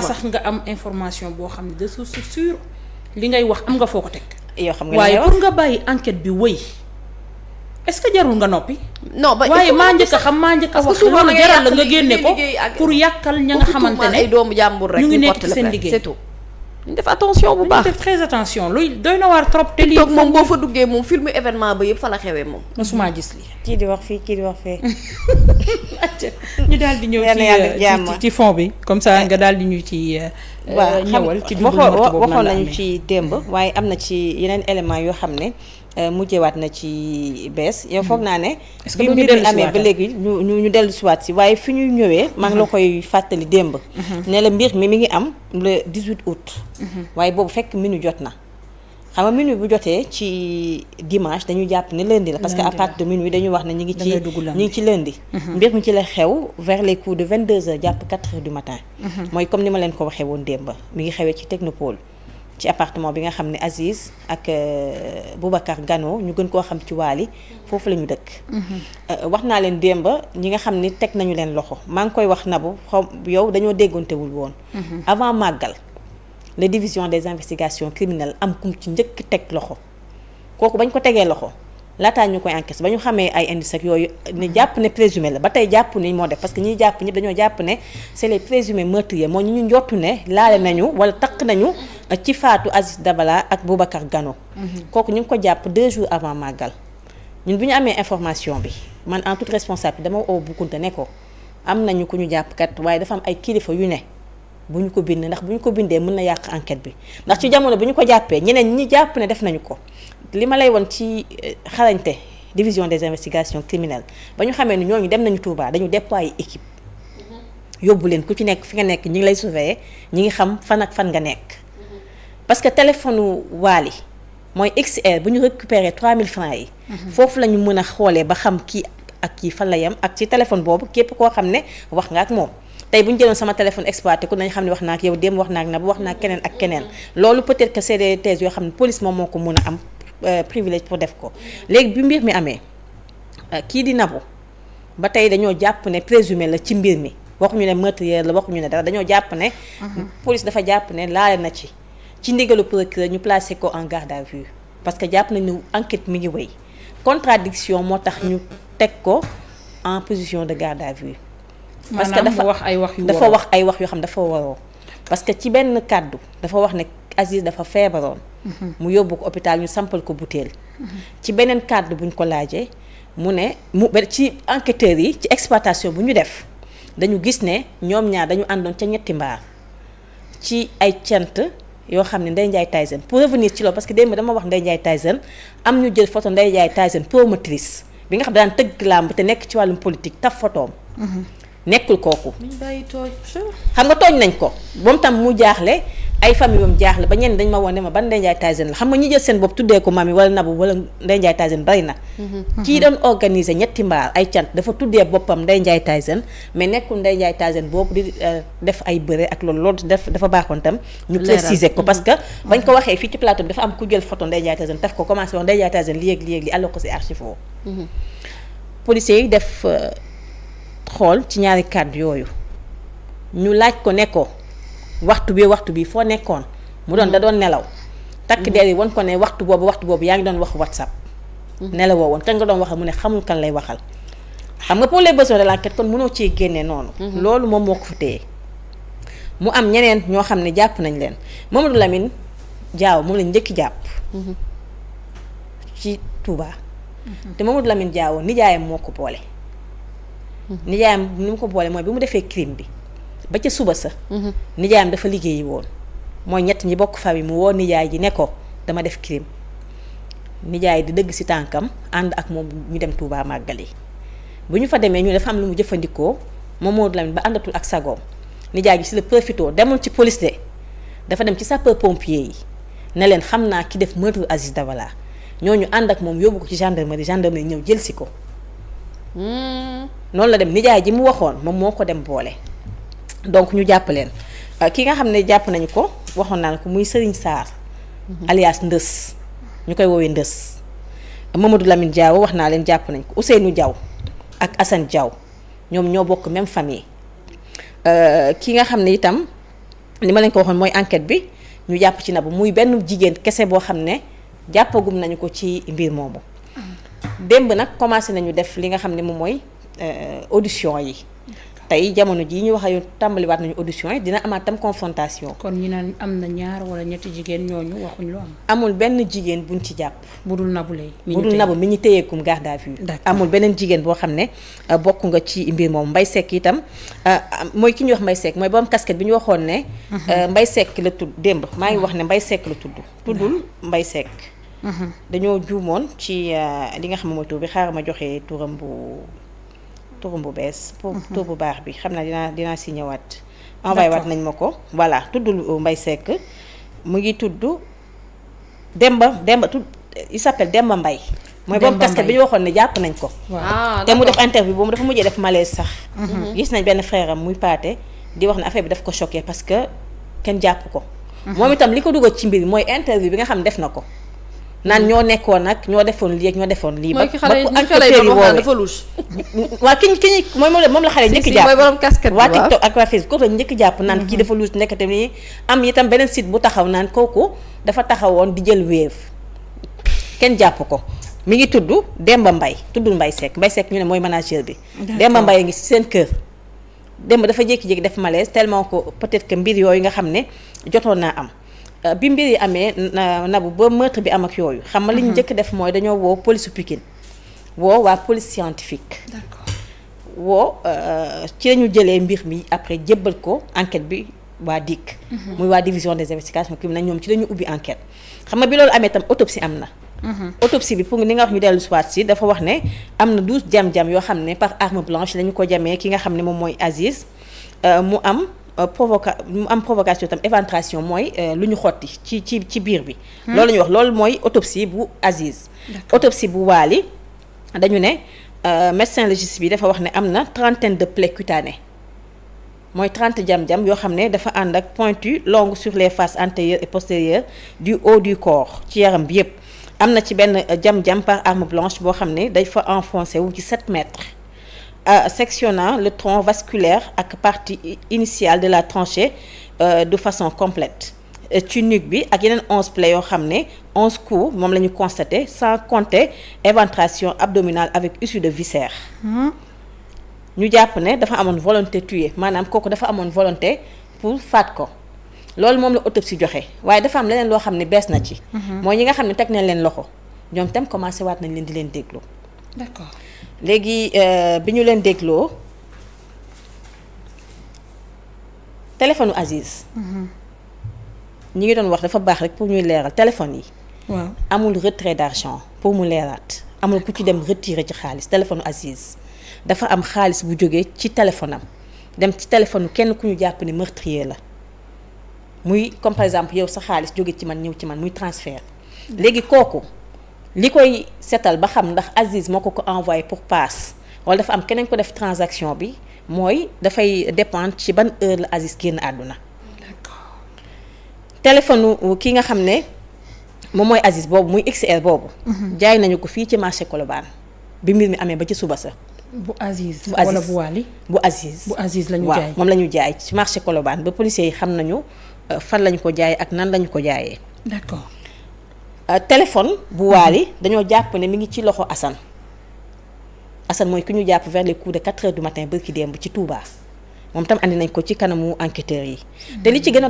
sax nga am information boo xam ne de source sûre li ngay wax am nga foo ko teg. yoo xam waaye pour nga bàyyi enquête bi wëy est-ce que jarul nga noppi. ba waaye maa njëkk a xam maa njëkk a wax loolu jaral la nga génne ko pour yàkkal ña nga xamante ne ñu ngi nekk seen liggéey ñu def attention bu baax def très attention luy doy na waar trop. te lii moom boo fa duggee moom film événement ba yëpp fa la xewee moom. mosuma gis lii. cii di wax fii kii di wax fee. ñu daal di ñëw euh, ci ci fond bi comme ça nga daal di ñu ci. Euh, ñëwal ci dundu waxoon nañu ci démb waaye am na ci yeneen éléments yoo xam ne. Euh, mujjewaat na ci bees. yow foog hmm. naa ne. bi mbir mi amee ba léegi ñu ñu ñu dellusiwaat si waaye fi ñuy ñëwee. maa ngi la hmm. koy fàttali démb. Hmm. ne la mbir mi mi ngi am le 18 août. waaye boobu fekk minuit jot na. xam nga minuit bu jotee ci dimanche dañu jàpp ne lundi la. parce que à partir de dañu wax ne ñu ngi ci ñu ngi ci lundi. mbir mi ci la xew vers les coups de 22h jàpp 4h du matin. mooy comme ni ma leen ko waxee woon démb mi ngi xewee ci technopole. ci appartement bi nga xam ne Aziz ak euh, Boubacar Gano ñu gën koo xam ci Waali foofu la ñu dëkk. Mhm. Euh, wax naa leen démba ñi nga xam ni teg nañu leen loxo maa ngi koy wax nabu xaw yow dañoo déggoontewul woon. Mhm. avant màggal la division des investigations criminelles am kum ci njëkk teg loxo kooku bañ ko tegee loxo. laataa ñu koy enquête ba ñu xamee ay indice ak yooyu ni jàpp ne présumé la ba tey jàpp ni moo def parce que ñi jàpp ñëpp dañoo jàpp ne c'est les présumés meurtriers moo ñu ñu njottu ne laale nañu wala takk nañu ci faatu Aziz Dabala ak Boubacar Gano mhm. kooku ñu ko jàpp deux jours avant màggal ñun bu ñu amee information bi man en toute responsabilité dama oo bukkunte ne ko am nañu ku ñu jàpp kat waaye dafa am ay kilifa yu ne bu ñu ko bind ndax bu ñu ko bindee mën na yàq enquête bi ndax ci jamono bu ñu ko jàppee ñeneen ñi jàpp ne def nañu ko li ma lay woon ci eh, xarañte division des investigations criminelles ba ñu xamee ni ñooñu dem nañu Touba dañu déployer équipe mm-hmm. yóbbu leen ku ci nekk fi nga nekk ñi ngi lay surveiller ñi ngi xam fan ak fan nga nekk mm-hmm. parce que téléphone Wally mooy XR bu ñu récupérer 3000 francs yi. Mm-hmm. foofu la ñu mën a xoolee ba xam kii ak kii fan la yem ak ci téléphone boobu képp koo xam ne wax nga ak moom. tey bu ñu jëloon sama téléphone exploité ku nañ xam ne wax naa ak yow démb wax na bu ak keneen loolu peut-être que xam ne police moom moo ko mën a am. Euh, privilège pour def ko léegi bi mbir mi amee euh, kii di nabu ba tey dañoo jàpp ne présumé la ci mbir mi waxuñu ne meurtrière la waxuñu ne dara dañoo jàpp ne mhm. police dafa jàpp ne laale na ci ci ndigalu procureur ñu placé ko en garde à vue parce que jàpp nañu enquête mi ngi wéy contradiction moo tax ñu teg ko en position de garde à vue parce que dafa wax ay wax yu dafa wax ay wax yoo xam dafa waroo parce que ci benn kàddu dafa wax ne Aziz dafa feebaroon mu yóbbu ko hôpital ñu sampal ko butéel. ci beneen kàdd bu ko laajee mu ne mu ci enquêteurs yi ci exploitation bu ñu def dañu gis ne ñoom ñaar dañu àndoon ca ñetti mbaar ci ay cent yoo xam ne Ndeye Ndiaye Tyson pour revenir ci loolu parce que démb dama wax Ndeye Ndiaye Tyson am ñu jël photo Ndeye Ndiaye Tyson promotrice bi nga xam daan tëgg làmb te nekk ci wàllum politique taf photoom. nekkul kooku. xam nga tooñ nañ ko moom tam mu jaaxle ay famille am jaaxle ba ñenn dañ ma woon ne ma ban Ndeye Ndiaye Tyson la xam nga ñi jël seen bopp tuddee ko mami wala nabu wala Ndeye Ndiaye Tyson bari na. Mm-hmm. kii doon organiser ñetti mbaar ay cant dafa tuddee boppam Ndeye Ndiaye Tyson mais nekkul Ndeye Ndiaye Tyson boobu di euh, def ay bëre ak loolu loolu def dafa baaxoon tam. ñu préciser ko parce que. Mm-hmm. bañ ko waxee fii ci plateau bi dafa am ku jël photo Ndeye Ndiaye Tyson daf ko commencé wax Ndeye Ndiaye xool ci ñaari kàddu yooyu ñu laaj ko ne ko waxtu bi waxtu bii foo nekkoon mu doon da doon nelaw takk der yi wan ko ne waxtu boobu waxtu boobu yaa ngi doon wax whatsapp nelawoo woon kan nga doon waxal mu ne xamul kan lay waxal xam nga pour les besoins de l'enquête kon mënoo cee génne noonu mhm. loolu moom moo ko fa téye mu am ñeneen ñoo xam ne jàpp nañ leen Mamadou Lamine jaaw moom la njëkki jàpp mhm. ci Touba mhm. te Mamadou Lamine Diaw nijaayam moo ko boole nijaayam ni mu ko boole mooy bi mu defee crime bi ba ca suba sa mhm. nijaayam dafa liggéey woon mooy ñett ñi bokk famille mu woo nijaay ji ne ko dama def crime nijaay di dëgg si tànkam ànd ak moom ñu dem Touba màggali bu ñu fa demee ñu dafa am lu mu jëfandikoo moom Modou Lamine ba àndatul ak sagoom nijaay ji si la profité demul ci police de dafa dem ci sapeur pompier yi ne leen xam naa ki def meurtre Aziz ñoo ñu ànd ak moom yóbbu ko ci gendarmerie gendarmerie ñëw jël si ko. Hmm. noonu la dem nijaay ji mu waxoon moom moo ko dem boole donc ñu jàpp leen euh, ki nga xam ne jàpp nañu ko waxoon naa ko muy Serigne Sarr. Mhm. alias Ndës ñu koy woowee Ndës. Mamadou Lamine Diaw wax naa leen jàpp nañ ko Ousseynou Diaw ak Assane Diaw ñoom ñoo bokk même famille euh, ki nga xam ne itam li ma leen ko waxoon mooy enquête bi ñu jàpp ci Nabou muy benn jigéen kese boo xam ne jàppagum nañu ko ci mbir moomu. Mhm. démb nag commencé nañu def li nga xam ne moom mooy Euh, audition yi. tey jamono jii ñu wax ak tàmbaliwaat nañu audition yi dina amaat tam confrontation. kon ñu naan am na ñaar wala ñetti jigéen ñooñu waxuñ lu am. amul benn jigéen buñ ci jàpp. budul nabu lay. mi dul nabu mi ñu téyeekum garde à vue. amul beneen jigéen boo xam ne euh, bokk nga ci mbir moom mbay Seck itam euh, mooy ki ñuy wax mbay Seck mooy borom casquette bi ñu waxoon ne. Mhm. mbay Seck la tudd démb maa ngi wax ne mbay Seck la tudd. Mhm. tuddul Mbaye Seck. Mhm. dañoo juumoon ci li nga xam ne bi xaaral ma joxe turam bu. turam bu bees. pour mhm. bu baax bi xam naa dinaa dinaa si ñëwaat. envoyé waat nañ ma ko voilà tuddul euh, mbay Seck mu ngi tudd Demba Demba tudd il s'appelle Demba mbay mooy boobu casquette bi ñu waxoon ne jàpp nañ ko. Ah, te mu def interview boobu dafa mujjee def malaise sax. Mhm. gis nañ benn frère am muy paate di wax na affaire bi daf ko choqué parce que kenn jàpp ko. Mhm. moom itam li ko dugal ci mbir mooy interview bi nga xam def na ko. naan ñoo nekkoon nag ñoo defoon lii ak ñoo defoon lii. ba ba xale yi moom dafa louche. waaw ki ñu ki ñu mooy moom la xale yi njëkk jàpp mooy borom casquette waa TikTok ak waa Facebook la njëkk jàpp naan kii mhm. dafa louche nekk tamit am itam beneen sit bu taxaw naan kooku dafa taxawoon di jël wéev kenn jàpp ko mu ngi tudd Demba mbay tuddul mbay Seck Mbaye Seck ñu ne mooy manager bi. mbay a ngi si seen kër. demb dafa jékki-jékki def malaise tellement ko peut-être que mbir yooyu nga xam ne jotoon naa am Euh, bi mbir yi amee nabu ba meurtre bi am ak yooyu xam nga li ñu mhm. njëkk def mooy dañoo woo police Pikine woo waa police scientifique woo euh, ci la ñu jëlee mbir mi après jébbal ko enquête bi waa DIC mhm. muy waa division des investigations criminelles ñoom ci la ñu ubbi enquête xam nga bi loolu amee tam autopsie am na mhm. autopsie bi pour ni nga wax ñu dellu soit si dafa wax ne am na douze jam-jam yoo xam ne par arme blanche la ñu ko jamee ki nga xam ne moom mooy Aziz euh, mu am Euh, provoca mu am provocation tam éventration mooy euh, lu ñu xotti ci ci ci biir bi. Hmm? loolu la ñuy wax loolu mooy autopsie bu Aziz. autopsie bu Waly dañu ne euh, médecin légiste bi dafa wax ne am na trentaine de plaies cutanées mooy trente jam-jam yoo xam ne dafa ànd ak pointu longue sur les faces antérieures et postérieures du haut du corps ci yaram bi yépp am na ci benn jam-jam par arme blanche boo xam ne dafa enfoncé wu ci 7 mètres. sectionnant le tronc vasculaire ak partie initiale de la tranchée euh, de façon complète euh, ci nuque bi ak yeneen onze plaies yoo xam ne onze coups moom la ñu constaté sans compter éventration abdominale avec issue de viscères hmm. ñu jàpp ne dafa amoon volonté tuer maanaam kooku dafa amoon volonté pour faat ko loolu moom la autopsie joxe waaye dafa am leneen loo xam ne bees na ci hmm. mooy ñi nga xam ne teg nañ leen loxo ñoom tam commencé waat nañ leen di leen déglu d'accord léegi euh, bi ñu leen dégloo téléphone Aziz. Mhm. ñi ngi doon wax dafa baax rek pour ñuy leeral téléphone yi. waaw amul retrait d'argent pour mu leeraat. amul ku ci dem retire ci xaalis téléphone Aziz dafa am xaalis bu jógee ci téléphone am dem ci téléphone kenn ku ñu jàpp ni meurtrier la muy comme par exemple yow sa xaalis jóge ci man ñëw ci man muy transfert mm. léegi kooku. li koy seetal ba xam ndax Aziz moo ko ko envoyé pour passe wala dafa am keneen ko def transaction bi mooy dafay dépendre ci ban heure la Aziz génn àdduna. d'accord téléphone ki nga xam ne moom mooy Aziz boobu muy XR boobu. Mhm. jaay nañu ko fii ci marché Colobane bi mbir mi amee ba ci suba sa. bu Aziz bu Aziz wala bu Wali. bu Aziz bu Aziz la ñu jaay waaw moom la ñu jaay ci marché Colobane ba policiers yi xam nañu euh, fan lañu ko jaaye ak nan lañu ko jaayee. d'accord. Euh, téléphone bu Wally mhm. dañoo jàpp ne mu ngi ci loxo Assane Assane mooy ku ñu jàpp vers les coups de 4 heures du matin bërki démb ci Touba moom tam andi nañ ko ci kanamu enquêteurs yi mhm. te li ci gën